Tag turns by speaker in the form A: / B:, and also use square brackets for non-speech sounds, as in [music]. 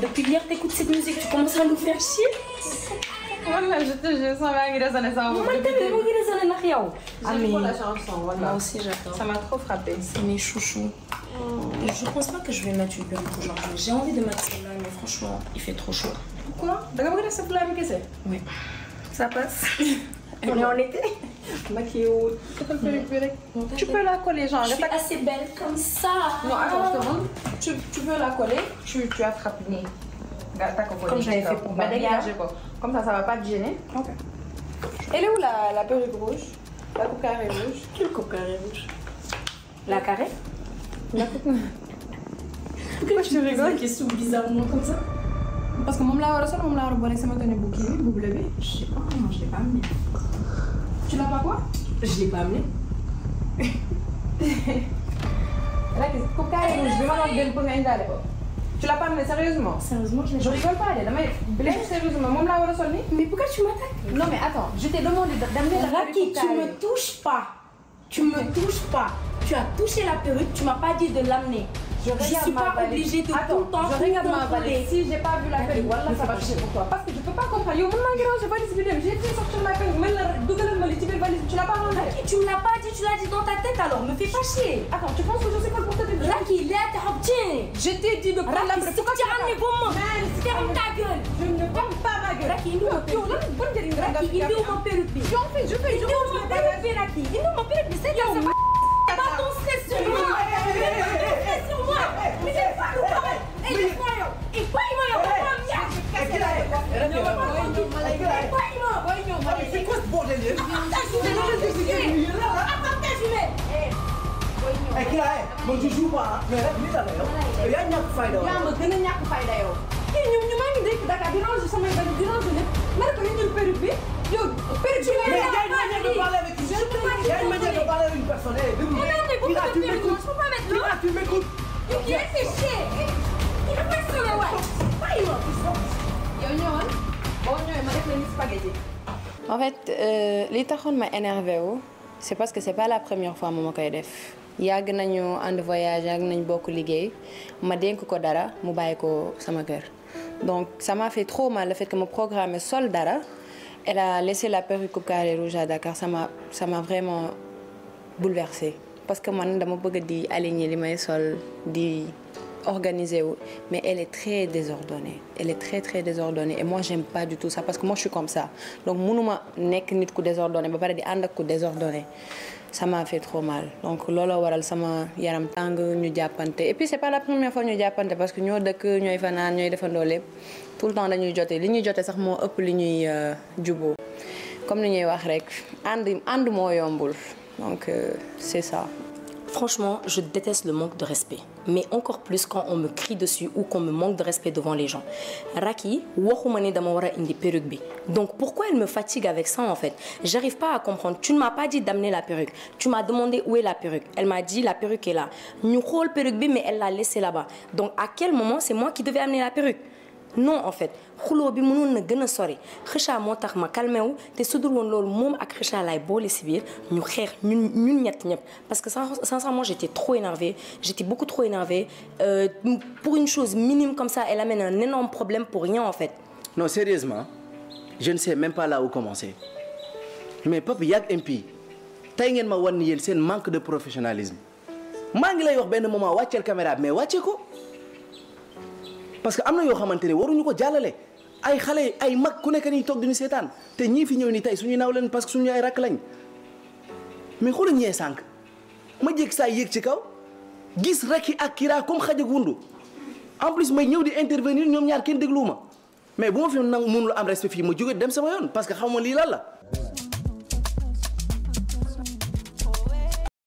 A: Depuis hier, t'écoutes cette musique, tu commences à nous faire chier. Voilà, je te jure, ça m'a raisonné
B: ça. Moi, t'as même
A: raisonné na yow. J'aime trop la
B: chanson, voilà. Moi
A: aussi, j'adore. Ça m'a trop frappé. C'est mes chouchous.
B: Oh. Je
A: pense pas que je vais mettre une perruque aujourd'hui. J'ai envie de mettre celle-là, mais franchement, il fait trop chaud. Pourquoi D'accord, regarde cette blague, qu'est-ce que c'est Oui. Ça passe. [laughs] on est en été maquillot. defal perruque mm. bi rek. tu peux la coller genre. je suis assez belle comme ça. non attends je te montre tu tu peux la coller.
B: tu tu attrapes nii.
A: nga takk ko comme j'avais fait pour ma dégager ko
B: comme ça ça va pas te gêner.
A: ok. elle est où la la perruque rouge. la coupe carrée rouge. quelle coupe carrée rouge. la carrée. la coupe. pourquoi je te rigoles qui s'ouvre bizarrement comme ça. parce que moom laa war a sol moom laa war a boole sama tenue bu kii bi bu bleu bi. je sais pas non je l'ai pas amené. tu l'as pas quoi? je l'ai pas amené. Racky coupe carré rouge bi ma doon jël pour nga indaale ko. tu l'as pas amené sérieusement? sérieusement je je rigole pas de damay. bleu sérieusement moom laa war a sol nii. mais pourquoi tu m'attaques? non mais attends je t'ai demandé d'amener la Racky tu me touches pas. tu me touches pas. tu as touché la perruque tu m'as pas dit de l'amener. Je ne suis pas obligée de Attends, tout le temps je regarde ma valise. Si j'ai pas vu la paix, voilà, ça va marcher pour toi. Parce que je peux pas comprendre. Yo, maman, grand, j'ai pas discuté. J'ai fait sortir ma paix. Même la double me dit, valise, tu l'as pas mangé. Laki, tu me l'as pas dit, tu l'as dit dans ta tête alors. Me fais pas chier. Attends, tu penses que je sais quoi pour te dire Laki, là, t'as obtenu. Je t'ai dit de prendre la paix. Pourquoi tu ramenes pour moi Ferme ta gueule. Je ne ferme pas ma gueule. Laki, il nous m'appelle. Laki, il nous m'appelle. Je fais, je fais. Il nous m'appelle, Laki. Il nous m'appelle. C'est pas ton stress sur moi. man ci joue pas mais rek lii dara yow. yaa ñàkk fayda yow. yaa ma gën a ñàkk fayda yow. kii ñoom ñu maa ngi dëkk Dakar di range sama benn di range lépp ma ne ko nañ jël perruque bi yow perruque bi. mais jaay ma njëkk a parler avec jaay ma njëkk a parler avec une personne. eh déglu. mais non mais bu ko defee perruque bi je peux pas mettre l'eau. tu m'écoutes.
B: en fait euh, li taxoon ma énervé c'est parce que c'est pas la première fois mu ma koy def yàgg nañu ànd voyage yàgg nañu bokk liggéey ma dénk ko dara mu bàyyi ko sama kër donc sama m'a fait trop mal le fait que ma programme sol dara elle a laissé la perruque carrée rouge à Dakar sama sama ça m'a vraiment bouleversée parce que man dama bëgg di aligner li may sol di. organisée, mais elle est très désordonnée. Elle est très très désordonnée et moi j'aime pas du tout ça parce que moi je suis comme ça. Donc munuma nekk nit ku désordonné ba pare di ànd ak ku désordonné. Ça m'a fait trop mal. Donc looloo waral sama yaram tàng ñu jàppante et puis c'est pas la première fois ñu jàppante parce que ñoo dëkk ñooy fanaan ñooy defandoo lépp tout le temps dañuy jotee li ñuy jotee sax moo ëpp li ñuy euh, juboo comme ni ñuy wax rek ànd ànd moo yombul donc euh, c'est ça. Franchement, je déteste le manque de respect. Mais encore plus quand on me crie dessus
A: ou qu'on me manque de respect devant les gens. Raki, waxumane damawara indi perruque bi. Donc pourquoi elle me fatigue avec ça en fait J'arrive pas à comprendre. Tu ne m'as pas dit d'amener la perruque. Tu m'as demandé où est la perruque. Elle m'a dit la perruque est là. Nous perruque mais elle l'a laissée là-bas. Donc à quel moment c'est moi qui devais amener la perruque non en fait xuloo bi mënoon na gën a sori xëcca moo tax ma calmé wu te su dul woon loolu moom ak xëcca laay boole si biir ñu xeex ñun ñun ñett ñëpp parce que sincèrement j'étais trop énervée j'étais beaucoup trop énervée euh, pour une chose
B: minime comme ça elle amène un énorme problème pour rien en fait non sérieusement je ne sais même pas là où commencer mais Pape yàgg impie tey ngeen ma wan ni yéen seen manque de professionnalisme maa ngi lay wax benn moment wàcceel caméra mais wàcce ko parce que am na yoo xamante ne waruñu ko jàllale ay xale ay mag ku nekk nii toog duñu seetaan te ñii fi ñëw nii tey suñu naaw leen parce que suñu ay rakk lañ mais xoola ñee sànq ma jég saa yéeg ci kaw gis raki ak kiraa comme xaj ak wundu en plus may ñëw di intervenir ñoom ñaar kenn dégluwuma mais bu ma fi nag mënul am respect fii ma jóge dem sama yoon parce que xam ma lii lan la